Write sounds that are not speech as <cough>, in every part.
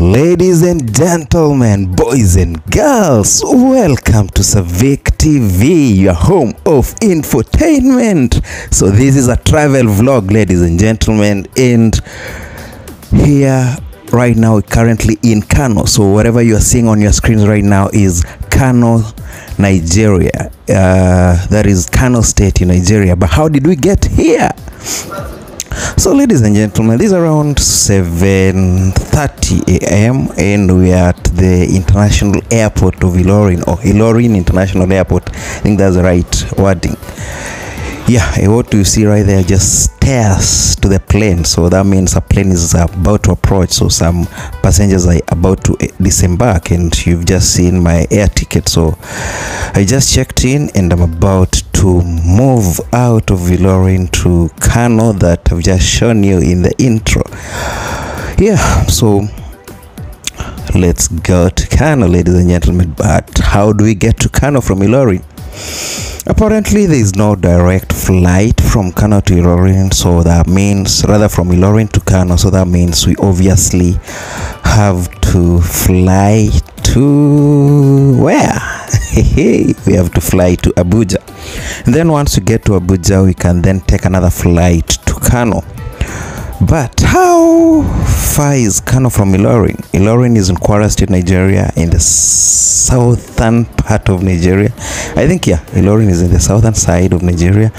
Ladies and gentlemen, boys and girls, welcome to Savik TV, your home of infotainment. So this is a travel vlog, ladies and gentlemen, and here right now currently in Kano. So whatever you are seeing on your screens right now is Kano, Nigeria. Uh, that is Kano State in Nigeria. But how did we get here? So ladies and gentlemen, this is around 7.30 a.m. and we are at the international airport of Ilorin or Ilorin International Airport. I think that's the right wording yeah what you see right there just stairs to the plane so that means a plane is about to approach so some passengers are about to eh, disembark and you've just seen my air ticket so i just checked in and i'm about to move out of Villorin to Kano that i've just shown you in the intro yeah so let's go to Kano ladies and gentlemen but how do we get to Kano from Villorin Apparently, there is no direct flight from Kano to Ilorin, so that means rather from Ilorin to Kano, so that means we obviously have to fly to where? <laughs> we have to fly to Abuja. And then once we get to Abuja, we can then take another flight to Kano. But how Far is Kano from Ilorin. Ilorin is in Kwara State, Nigeria, in the southern part of Nigeria. I think, yeah, Ilorin is in the southern side of Nigeria,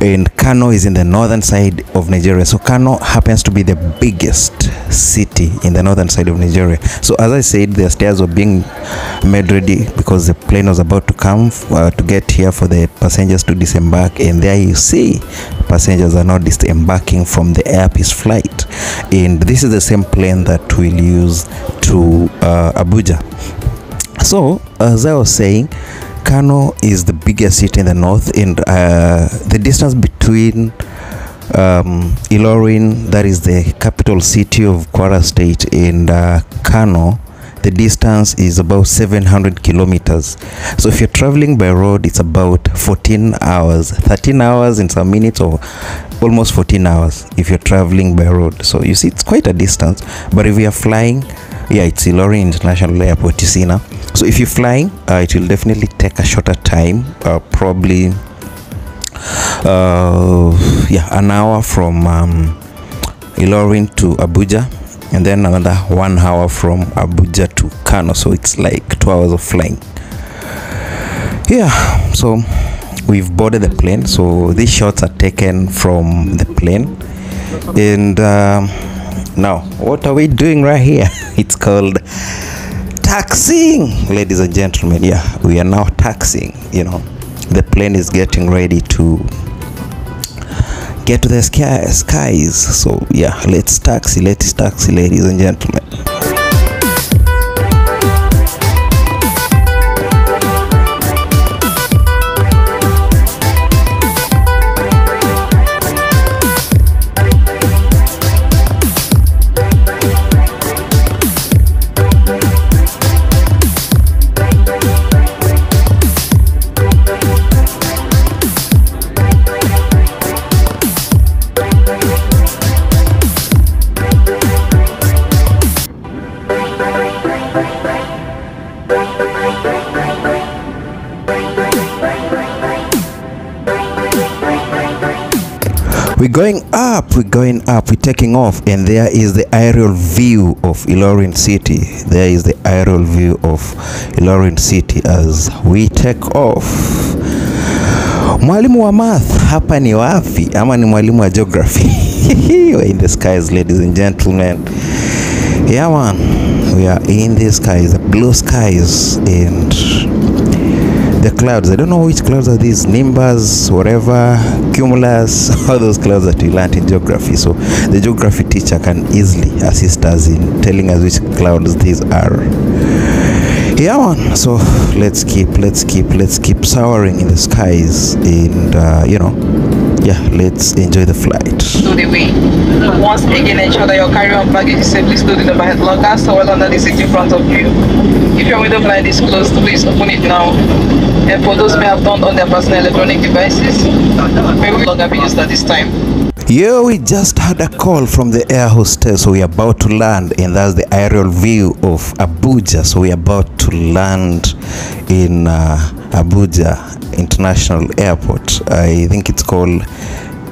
and Kano is in the northern side of Nigeria. So, Kano happens to be the biggest city in the northern side of Nigeria. So, as I said, the stairs were being made ready because the plane was about to come uh, to get here for the passengers to disembark, and there you see passengers are noticed embarking from the air flight and this is the same plane that we'll use to uh, abuja so as i was saying kano is the biggest city in the north and uh, the distance between um, Ilorin, that is the capital city of Kwara State, and uh, Kano, the distance is about 700 kilometers so if you're traveling by road it's about 14 hours 13 hours in some minutes or almost 14 hours if you're traveling by road so you see it's quite a distance but if you're flying yeah it's Ilori International Airport Tisina so if you're flying uh, it will definitely take a shorter time uh, probably uh, yeah an hour from um, Ilorin to Abuja and then another one hour from Abuja to Kano. So it's like two hours of flying. Yeah, so we've boarded the plane. So these shots are taken from the plane. And uh, now, what are we doing right here? <laughs> it's called taxiing, ladies and gentlemen. Yeah, we are now taxiing, you know. The plane is getting ready to get to the skies. So yeah, let's taxi, let's taxi, ladies and gentlemen. We're going up, we're going up, we're taking off, and there is the aerial view of Ilorin City. There is the aerial view of Ilorin City as we take off. Mwalimu wa math hapa ni wapi? Ama ni mwalimu wa geography? <laughs> We're in the skies, ladies and gentlemen. Yeah, man, we are in the skies, the blue skies, and the clouds. I don't know which clouds are these, nimbus, whatever, cumulus, <laughs> all those clouds that we learned in geography. So the geography teacher can easily assist us in telling us which clouds these are. Yeah, man. So let's keep, let's keep, let's keep souring in the skies and, uh, you know, yeah let's enjoy the flight to the way once again ensure that your carry-on baggage is safely stored in the overhead locker somewhere under the seat in front of you if your window blind is closed please open it now and for those may have turned on their personal electronic devices may we longer be used at this time Yo, we just had a call from the air hostess. We're about to land, and that's the aerial view of Abuja. So we're about to land in uh, Abuja International Airport. I think it's called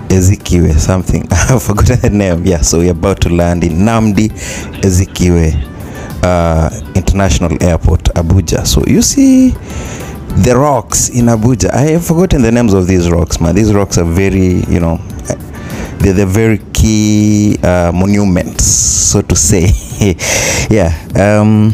Ezekiwe something. <laughs> I've forgotten the name. Yeah, so we're about to land in Namdi Ezekiwe uh, International Airport, Abuja. So you see the rocks in Abuja. I have forgotten the names of these rocks, man. These rocks are very, you know, they're the very key uh, monuments, so to say. <laughs> yeah. Um,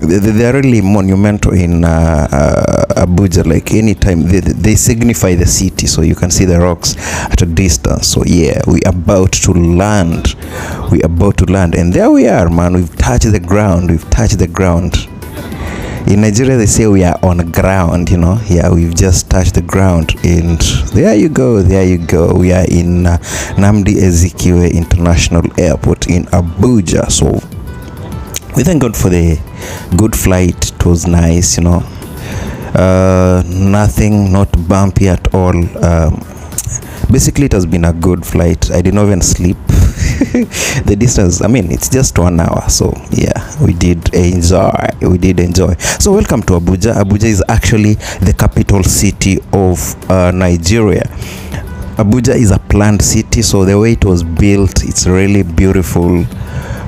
they are really monumental in uh, uh, Abuja. Like anytime they, they signify the city, so you can see the rocks at a distance. So yeah, we about to land. We about to land, and there we are, man. We've touched the ground. We've touched the ground in Nigeria they say we are on ground you know yeah we've just touched the ground and there you go there you go we are in uh, Namdi ezekiel International Airport in Abuja so we thank God for the good flight it was nice you know uh, nothing not bumpy at all um, basically it has been a good flight I didn't even sleep <laughs> the distance i mean it's just one hour so yeah we did enjoy we did enjoy so welcome to abuja abuja is actually the capital city of uh, nigeria Abuja is a planned city, so the way it was built, it's really beautiful.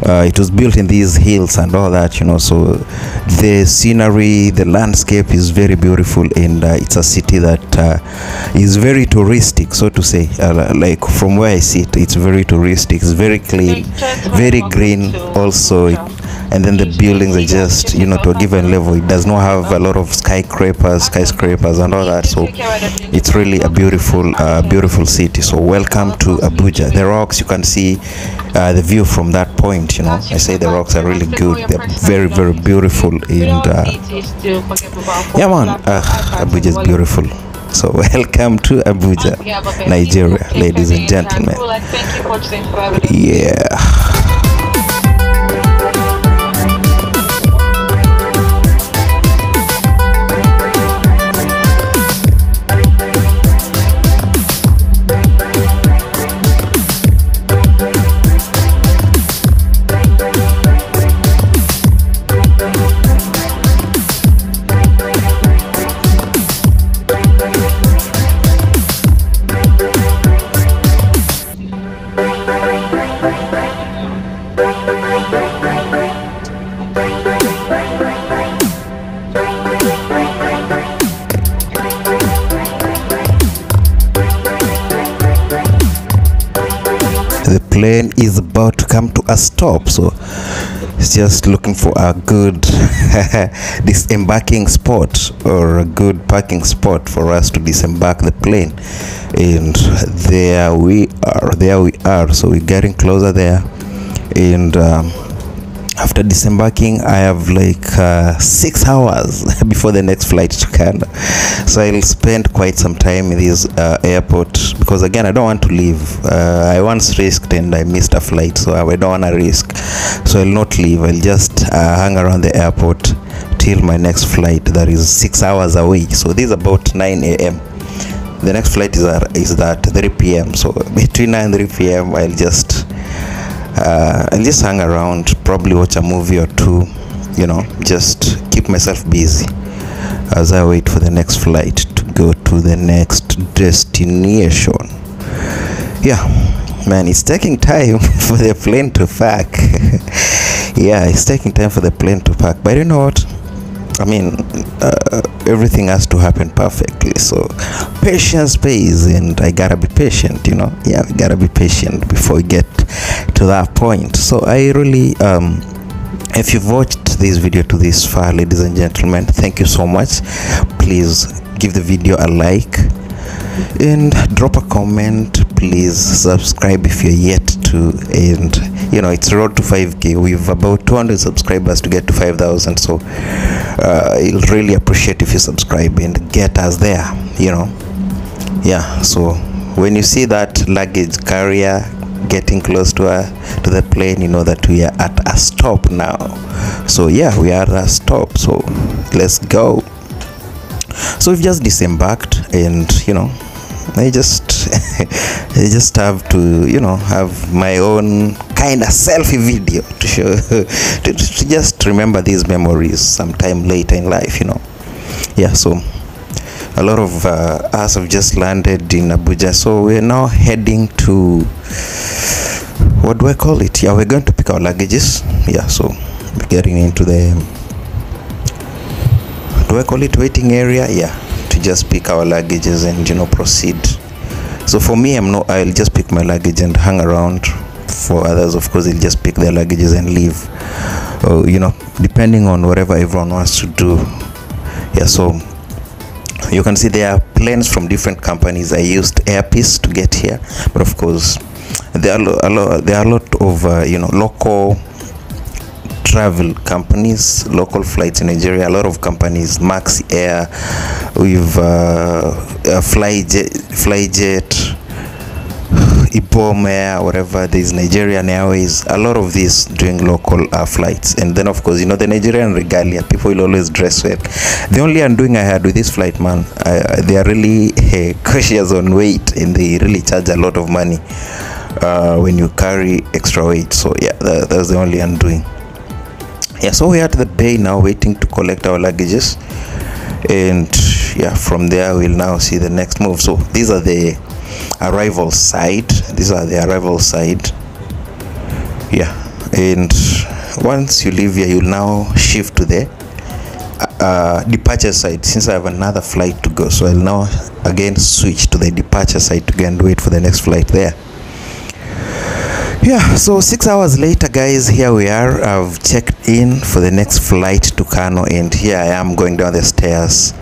Uh, it was built in these hills and all that, you know. So the scenery, the landscape is very beautiful, and uh, it's a city that uh, is very touristic, so to say. Uh, like from where I sit, it's very touristic, it's very clean, very green, also. yeah. and then the buildings are just you know to a given level it does not have a lot of skyscrapers skyscrapers and all that so it's really a beautiful uh, beautiful city so welcome to abuja the rocks you can see uh, the view from that point you know i say the rocks are really good they're very very beautiful and uh, yeah man ah, abuja is beautiful so <laughs> welcome to Abuja, Nigeria, ladies and gentlemen. Yeah. the plane is about to come to a stop so is just looking for a good <laughs> disembarking spot or a good parking spot for us to disembark the plane and there we are there we are so we're getting closer there and um, after disembarking i have like uh, six hours <laughs> before the next flight to canada so i'll spend quite some time in this uh, airport because again i don't want to leave uh, i once risked and i missed a flight so i don't want to risk so i'll not leave i'll just uh, hang around the airport till my next flight that is six hours away so this is about 9 a.m the next flight is, uh, is that 3 p.m so between 9 and 3 p.m i'll just uh, and just hang around, probably watch a movie or two, you know, just keep myself busy as I wait for the next flight to go to the next destination. Yeah, man, it's taking time <laughs> for the plane to pack. <laughs> yeah, it's taking time for the plane to pack, but you know what? I mean, uh, everything has to happen perfectly. So patience pays, and I gotta be patient. You know, yeah, we gotta be patient before we get to that point. So I really, um, if you've watched this video to this far, ladies and gentlemen, thank you so much. Please give the video a like and drop a comment please subscribe if you're yet to and you know it's road to 5k we've about 200 subscribers to get to 5000 so uh, i'll really appreciate if you subscribe and get us there you know yeah so when you see that luggage carrier getting close to a uh, to the plane you know that we are at a stop now so yeah we are at a stop so let's go so we've just disembarked and you know i just I <laughs> just have to, you know, have my own kind of selfie video to show, <laughs> to, to just remember these memories sometime later in life, you know. Yeah, so a lot of uh, us have just landed in Abuja, so we're now heading to what do I call it? Yeah, we're going to pick our luggages. Yeah, so we're getting into the do I call it waiting area? Yeah, to just pick our luggages and you know proceed So for me, I'm no. I'll just pick my luggage and hang around. For others, of course, they'll just pick their luggages and leave. Uh, you know, depending on whatever everyone wants to do. Yeah. So you can see there are planes from different companies. I used Airpeace to get here, but of course, there are a lot. There are a lot of uh, you know local travel companies, local flights in Nigeria, a lot of companies, Max Air, we've uh, uh, Flyjet, Flyjet, <sighs> Ibom Air, whatever, there's Nigerian Airways, a lot of these doing local uh, flights. And then, of course, you know, the Nigerian regalia, people will always dress well. The only undoing I had with this flight, man, uh, they are really uh, <laughs> cautious on weight and they really charge a lot of money uh, when you carry extra weight. So, yeah, that, that's the only undoing yeah so we are at the bay now waiting to collect our luggages and yeah from there we'll now see the next move so these are the arrival side these are the arrival side yeah and once you leave here you'll now shift to the uh, uh departure side since I have another flight to go so I'll now again switch to the departure side to go and wait for the next flight there yeah so six hours later guys here we are i've checked in for the next flight to kano and here i am going down the stairs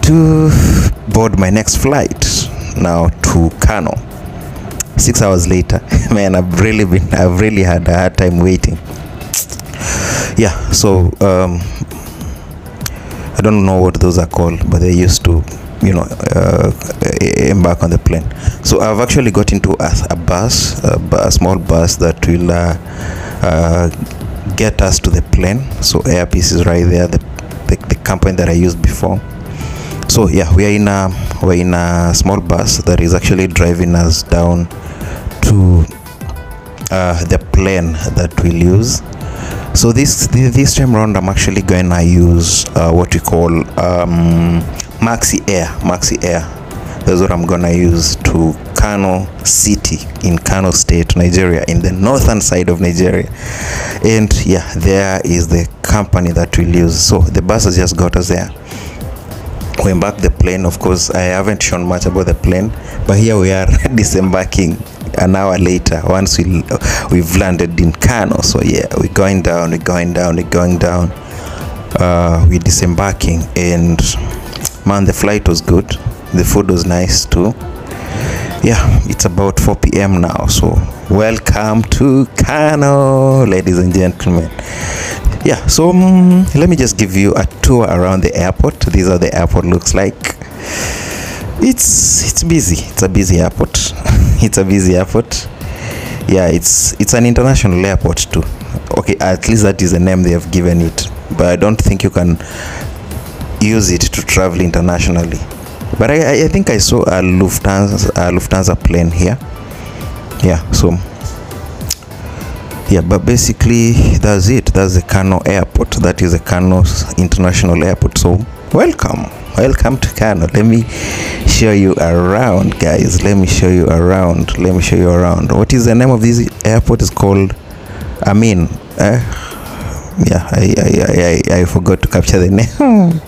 to board my next flight now to kano six hours later <laughs> man i've really been i've really had a hard time waiting yeah so um i don't know what those are called but they used to you know uh, uh, embark on the plane so i've actually got into a, a bus a, a, small bus that will uh, uh, get us to the plane so airpiece is right there the, the, the, company that i used before so yeah we are in a we're in a small bus that is actually driving us down to uh, the plane that we'll use So this this time round, I'm actually going to use uh, what we call um, Maxi Air. Maxi Air. That's what I'm gonna use to Kano City in Kano State, Nigeria, in the northern side of Nigeria. And yeah, there is the company that we'll use. So the bus has just got us there embark the plane of course i haven't shown much about the plane but here we are <laughs> disembarking an hour later once we we've landed in Kano so yeah we're going down we're going down we're going down uh, we're disembarking and man the flight was good the food was nice too yeah it's about 4 p.m now so welcome to Kano ladies and gentlemen yeah so um, let me just give you a tour around the airport these are the airport looks like it's it's busy it's a busy airport <laughs> it's a busy airport yeah it's it's an international airport too okay at least that is the name they have given it but i don't think you can use it to travel internationally but i, I think i saw a lufthansa a lufthansa plane here yeah so yeah but basically that's it that's the kano airport that is the kano international airport so welcome welcome to kano let me show you around guys let me show you around let me show you around what is the name of this airport is called i mean eh? yeah I, I i i i forgot to capture the <laughs> name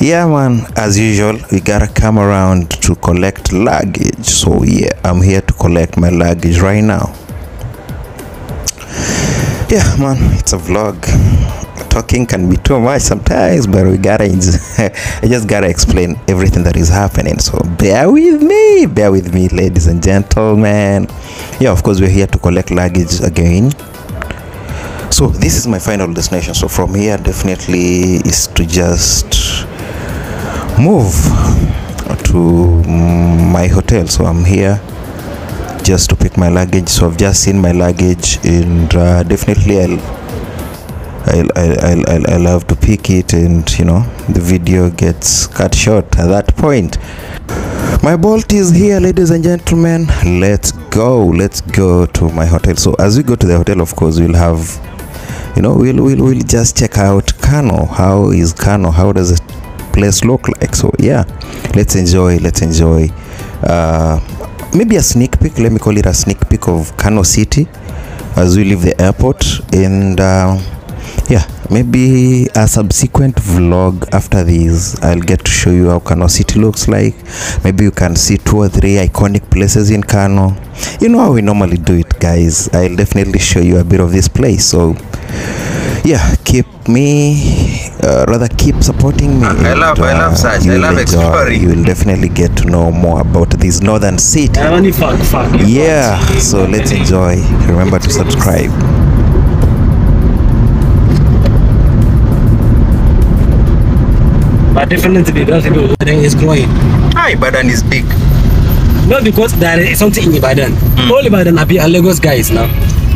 yeah man as usual we gotta come around to collect luggage so yeah i'm here to collect my luggage right now yeah man it's a vlog talking can be too much sometimes but we gotta <laughs> i just gotta explain everything that is happening so bear with me bear with me ladies and gentlemen yeah of course we're here to collect luggage again so this is my final destination so from here definitely is to just move to my hotel so i'm here just to pick my luggage so i've just seen my luggage and uh, definitely i'll I, I, I, I love to pick it and you know the video gets cut short at that point my bolt is here ladies and gentlemen let's go let's go to my hotel so as we go to the hotel of course we'll have you know we'll we'll, we'll just check out kano how is kano how does the place look like so yeah let's enjoy let's enjoy uh, maybe a sneak peek let me call it a sneak peek of Kano City as we leave the airport and uh, yeah maybe a subsequent vlog after this i'll get to show you how kano city looks like maybe you can see two or three iconic places in kano you know how we normally do it guys i'll definitely show you a bit of this place so yeah keep me uh, rather keep supporting me I love and, uh, I love uh, such I love exploring you will definitely get to know more about this northern city I only fuck, fuck yeah so let's enjoy remember to subscribe but definitely the Ibadan is growing ah Ibadan is big no because there is something in Ibadan mm. all Ibadan are Lagos guys now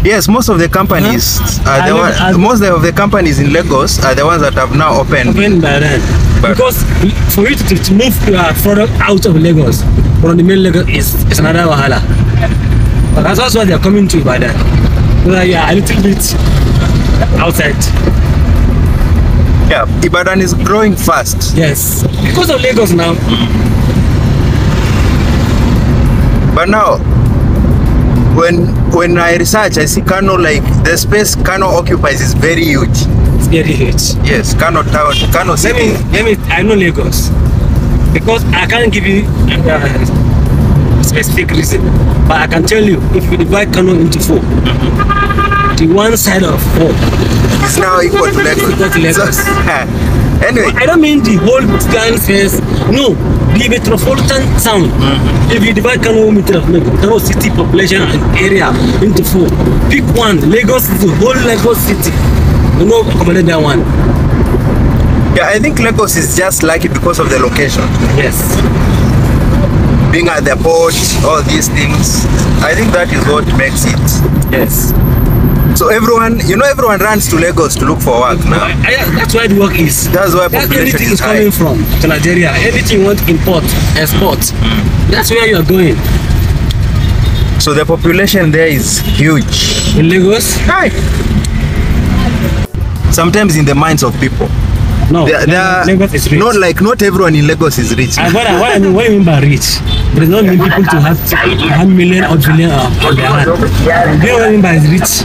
Yes, most of the companies huh? are the one, most of the companies in Lagos are the ones that have now opened. Opened by then. But because for you to, to move your product out of Lagos from the main Lagos is, is another wahala. But that's also what they're coming to by then. So like, yeah, a little bit outside. Yeah, Ibadan is growing fast. Yes, because of Lagos now. But now, when when I research, I see Kano like the space Kano occupies is very huge. It's very huge. Yes, Kano town, Kano city. Let me, let me. I know Lagos because I can't give you a uh, specific reason, but I can tell you if you divide Kano into four, the one side of four is now equal to Lagos. Equal to Lagos. So, <laughs> Anyway, I don't mean the whole Ghana face. No, the metropolitan town. Mm-hmm. If you divide Kano Kano city population and area into four, pick one. Lagos is the whole Lagos city. You know, accommodate that one. Yeah, I think Lagos is just like it because of the location. Yes. Being at the port, all these things. I think that is what makes it. Yes. So everyone, you know, everyone runs to Lagos to look for work now. I, I, that's where the work is. That's where that's population everything is, is coming high. from to Nigeria. Everything you want import, export. Mm. That's where you are going. So the population there is huge. In Lagos? Hi. Sometimes in the minds of people. No, they are Lagos is rich. Not like not everyone in Lagos is rich. Uh, what, what, what do you mean by rich? There's not many people to have one million or billion uh, on their hand. You know what I mean by rich?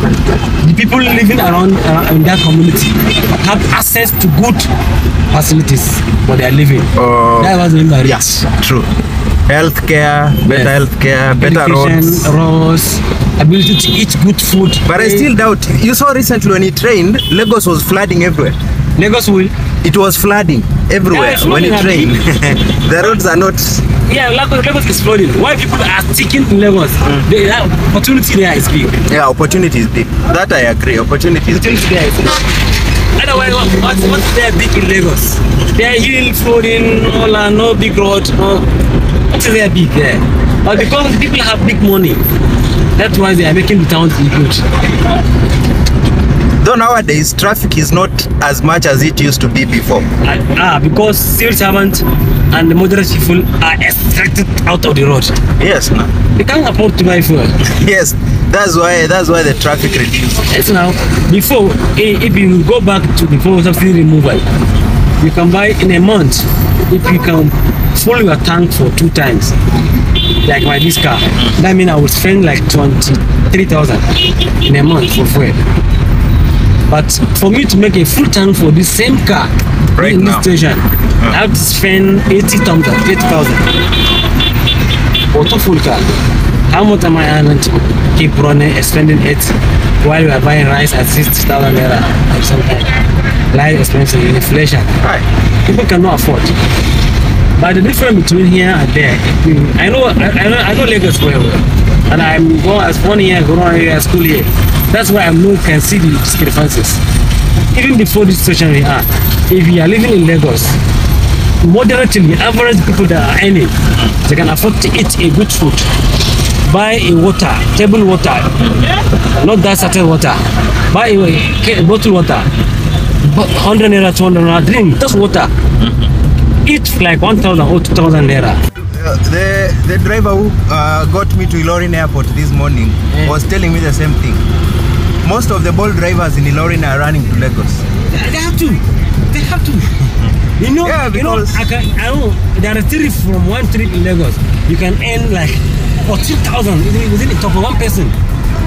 The people living around, around uh, in that community have access to good facilities where they are living. Uh, that was mean by rich. Yes, true. Healthcare, better yes. healthcare, better roads. roads ability to eat good food. But I eh, still doubt. You saw recently when he trained, Lagos was flooding everywhere. Lagos will it was flooding everywhere yeah, when it rained. <laughs> the roads are not. Yeah, Lagos, Lagos is flooding. Why people are sticking in Lagos? Mm. The opportunity there is big. Yeah, opportunity is big. That I agree. Opportunity is opportunity big. There is big. Otherwise, what, what, what's there big in Lagos? There are hill flooding, all are no big road. No. What's there big there? But because people have big money, that's why they are making the towns good. So nowadays traffic is not as much as it used to be before uh, because civil servants and the moderate people are extracted out of the road yes ma'am. they can't afford to buy fuel <laughs> yes that's why that's why the traffic reduced yes now before if you go back to before subsidy removal you can buy in a month if you can fill your tank for two times like my this car that means i will spend like 23000 in a month for fuel but for me to make a full tank for the same car right in this station, yeah. I have to spend 80,000. 80,000. What full car. How much am I earning to keep running, spending it while we are buying rice at 60,000 naira or something? Life expenses, inflation. Right. People cannot afford. But the difference between here and there, hmm, I know I, I know I know Lagos well, and I'm going as one year, growing here, school here. That's why I'm not can see the discrepancies. Even before this situation we are, if you are living in Lagos, moderately average people that are earning, they can afford to eat a good food, buy a water, table water, not that certain water, buy a bottle water, 100 naira, 200 naira, drink just water, eat like 1,000 or 2,000 naira. the the driver who uh, got me to Ilorin Airport this morning yeah. was telling me the same thing. Most of the ball drivers in Ilorin are running to Lagos. They have to. They have to. You know, yeah, you know, I, can, I know there are three from one trip in Lagos. You can earn like 14,000 within the top of one person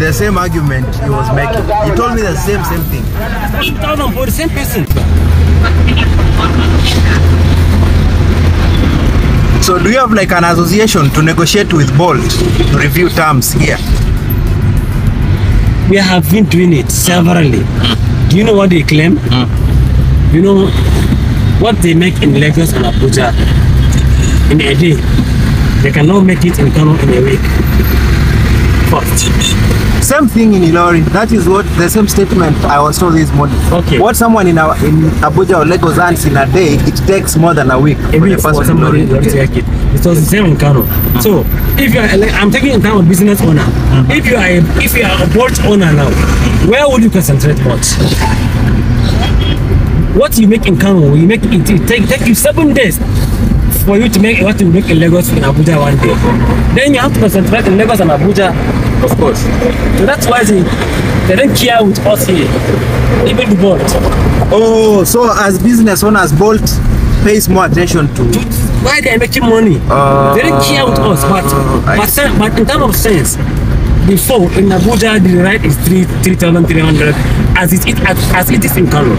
the same argument he was making. He told me the same same thing. Fourteen thousand for the same person. So do you have like an association to negotiate with Bolt to review terms here? We have been doing it severally. Mm. Do you know what they claim? Mm. You know what they make in Lagos and Abuja in a day, they cannot make it in Kano in a week. First. Same thing in Ilori. That is what the same statement I was told this morning. Okay. What someone in our, in Abuja or Lagos earns in a day, it takes more than a week. A week for, for somebody to it. It was the same in Kano. So if you're, like, I'm taking time terms of business owner. If you are a, if you are a boat owner now, where would you concentrate much? What you make in Kano, you make it, it take take you seven days for you to make what you make in Lagos in Abuja one day. Then you have to concentrate in Lagos and Abuja, of course. So that's why they, they don't care with us here, even the bolt. Oh, so as business owners, bolt pays more attention to. to why they are making money? Uh, they don't care with us, but, ah, but, but in terms of sense, before in Abuja the ride is three three thousand three hundred as it, it as, as it is in Kano.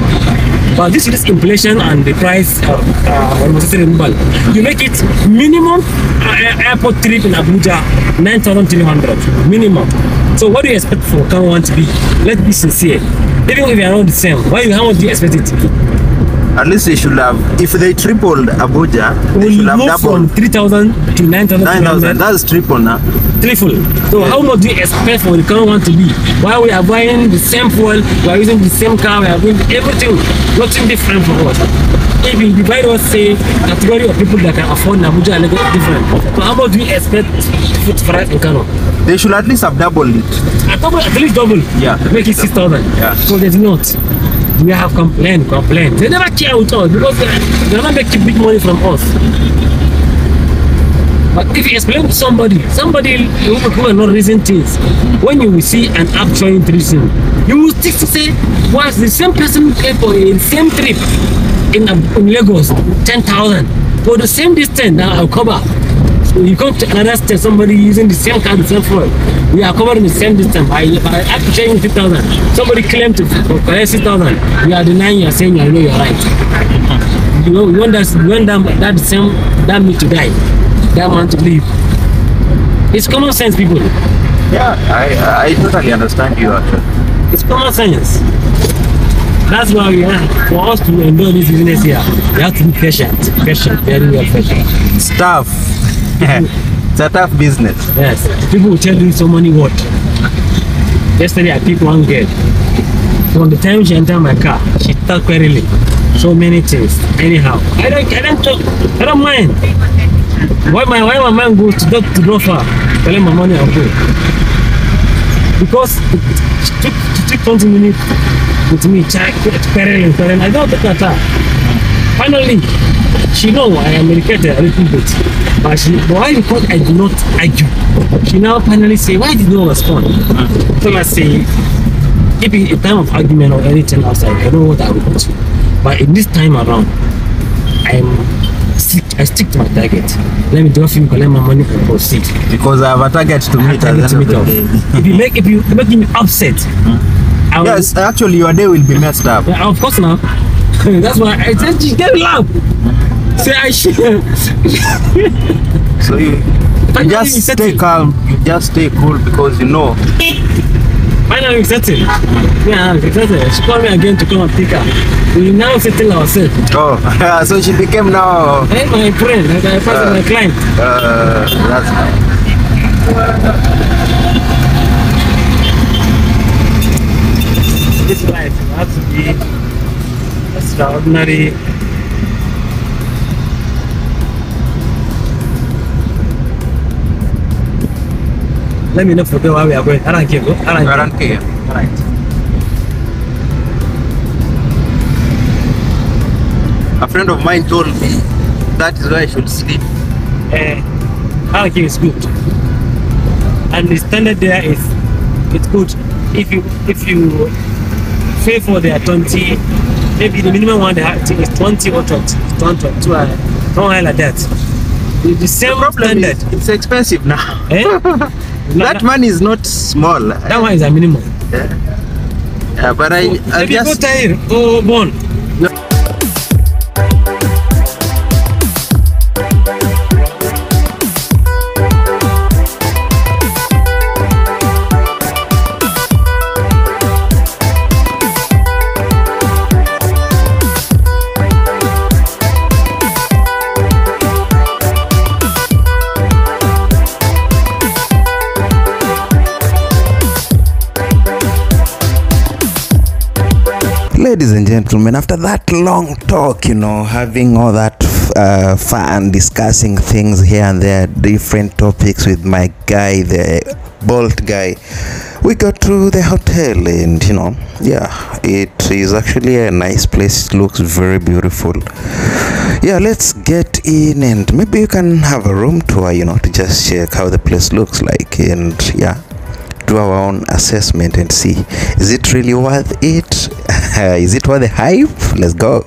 But this is inflation and the price of uh, removal. You make it minimum uh, uh, airport trip in Abuja nine thousand three hundred minimum. So what do you expect for Kano to be? Let's be sincere. Even if you are not the same, why how much do you expect it to be? At least they should have, if they tripled Abuja, they we'll should have doubled. from 3,000 to 9,000. 9,000, that's triple now. Triple. So yeah. how much do you expect for the current one to be? While we are buying the same fuel, we are using the same car, we are doing everything, nothing different for us. If you divide us, say, category of people that can afford Abuja and Lagos different. So how much do you expect food price in Kano? They should at least have doubled it. At, double, at least double. Yeah. Make it 6,000. Yeah. So there's not. we have complained, complained. They never care with us because they're, not making big money from us. But if you explain to somebody, somebody who, will are not reason things, when you will see an app showing you will to say, was the same person paid for the same trip in, in Lagos, 10,000, for the same distance that I'll cover, you can't arrest somebody using the same kind of same phone. We are covering the same distance. I, I have to change somebody claimed to pay 6,000, you are denying, you are saying, I know you're right. You, know, you want, that, you want that, that same, that me to die, that man to live. It's common sense, people. Yeah, I, I totally understand you, actually. It's common sense. That's why we have, for us to endure this business here, we have to be patient, patient, very well patient. Staff, it's a tough business. Yes. People will tell you so many what. Yesterday I picked one girl. From the time she entered my car, she talked little. So many things. Anyhow, I don't, I don't talk. I don't mind. Why my why my man goes to talk to go far? Tell him my money I'll go. Because she took, took 20 minutes with me, check, querying, querying. I don't talk at Finally, She know I am irritated a little bit, but she, but why because I do not argue. She now finally say, why did you not respond? Uh, so I say, if it's a time of argument or anything outside, I know what I want. But in this time around, I'm stick. I stick to my target. Let me drop him, collect my money, and proceed. Because I have a target to meet target at the end of the day. if you make if you make me upset, hmm? <laughs> yes, actually your day will be messed up. Yeah, of course now. <laughs> That's why I said she can laugh. Say I share. <laughs> so you, you just stay calm. You just stay cool because you know. Finally, we settled. Yeah, we She called me again to come and pick her. We now settle ourselves. Oh, <laughs> so she became now. And my friend, I my uh, my client. Uh, that's nice. This life has to be extraordinary let me know for where we are going. Aranke, go. Aranke. Aranke, yeah. All right. A friend of mine told me that is where I should sleep. Uh, eh, Aranke is good. And the standard there is it's good. If you if you pay for their 20 maybe the minimum one they have is 20 or 20, 20 two, uh, something like that. The, same the problem standard. Is, it's expensive now. Eh? <laughs> that money is not small. That one is a minimum. Yeah. yeah but I, I just... People tell oh, born. and after that long talk, you know, having all that uh, fun, discussing things here and there, different topics with my guy, the Bolt guy, we got to the hotel, and you know, yeah, it is actually a nice place. It looks very beautiful. Yeah, let's get in, and maybe you can have a room tour, you know, to just check how the place looks like, and yeah. do our own assessment and see is it really worth it <laughs> is it worth the hype let's go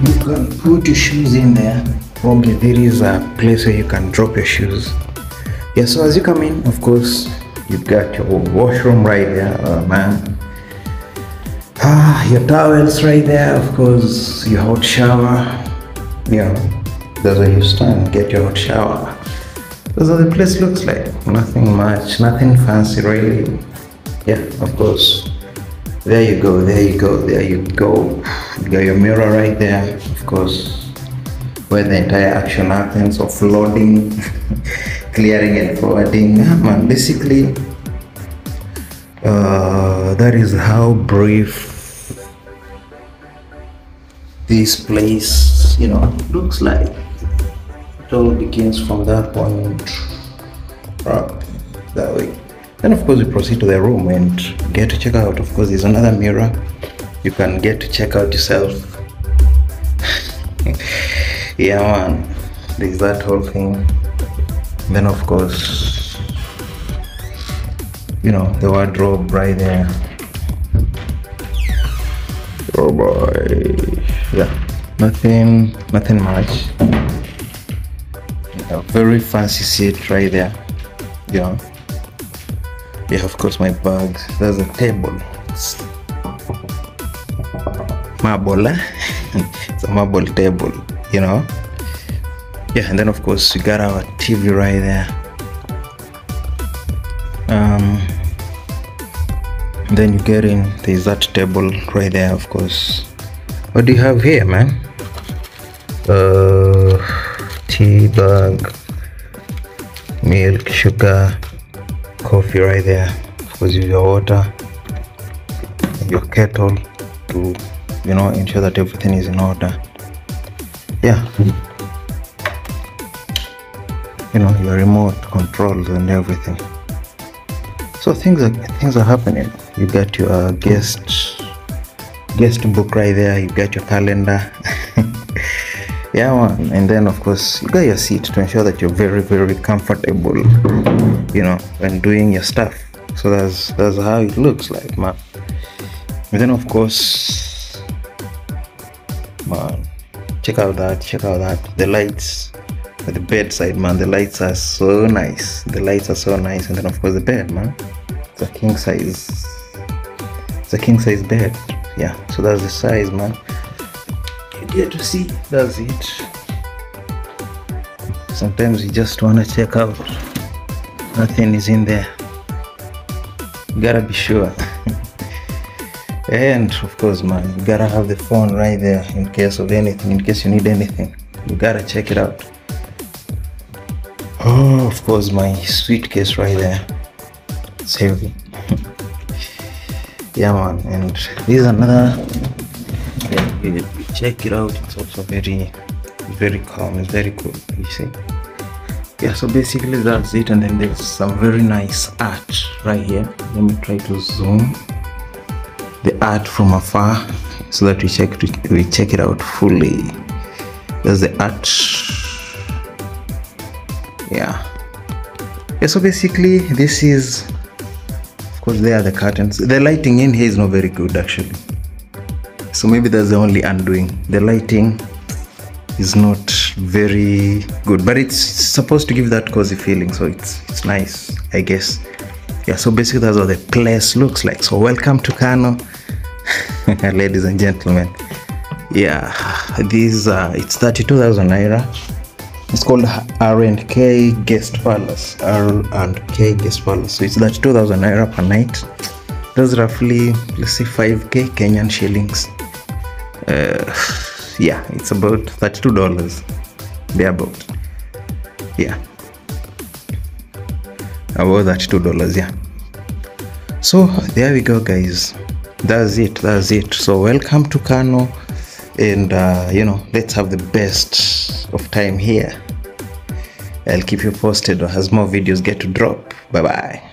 you can put your shoes in there probably there is a place where you can drop your shoes yeah so as you come in of course you've got your washroom right there oh uh, man ah your towels right there of course your hot shower yeah that's where you stand get your hot shower that's how the place looks like nothing much nothing fancy really yeah of course there you go there you go there you go you got your mirror right there of course where the entire action happens of loading, <laughs> clearing and forwarding. And basically, uh, that is how brief this place, you know, looks like. It all begins from that point that way. Then of course we proceed to the room and get to check out. Of course, there's another mirror. You can get to check out yourself yeah man there's that whole thing then of course you know the wardrobe right there oh boy yeah nothing nothing much a very fancy seat right there Yeah. yeah of course my bag. there's a table marble eh? <laughs> it's a marble table you know yeah and then of course we got our tv right there um then you get in there's that table right there of course what do you have here man uh tea bag milk sugar coffee right there of course your water your kettle to you know ensure that everything is in order yeah you know your remote controls and everything so things are things are happening you got your uh, guest guest book right there you got your calendar <laughs> yeah man. and then of course you got your seat to ensure that you're very very comfortable you know when doing your stuff so that's that's how it looks like man and then of course man check out that check out that the lights at the bedside man the lights are so nice the lights are so nice and then of course the bed man it's a king size it's a king size bed yeah so that's the size man you get to see that's it sometimes you just want to check out nothing is in there you gotta be sure <laughs> and of course man you gotta have the phone right there in case of anything in case you need anything you gotta check it out oh of course my suitcase right there it's heavy <laughs> yeah man and this another yeah, check it out it's also very very calm it's very cool you see yeah so basically that's it and then there's some very nice art right here let me try to zoom the art from afar so that we check it, we check it out fully there's the art yeah yeah so basically this is of course there are the curtains the lighting in here is not very good actually so maybe that's the only undoing the lighting is not very good but it's supposed to give that cozy feeling so it's it's nice i guess yeah so basically that's what the place looks like so welcome to kano <laughs> ladies and gentlemen yeah this uh it's 32,000 naira it's called R&K Guest Palace. R&K Guest Palace. So it's that 2,000 naira per night. That's roughly, let's say, 5k Kenyan shillings. Uh, <sighs> yeah, it's about $32. They're about. Yeah. about that two dollars yeah so there we go guys that's it that's it so welcome to kano and uh, you know let's have the best of time here i'll keep you posted as more videos get to drop bye bye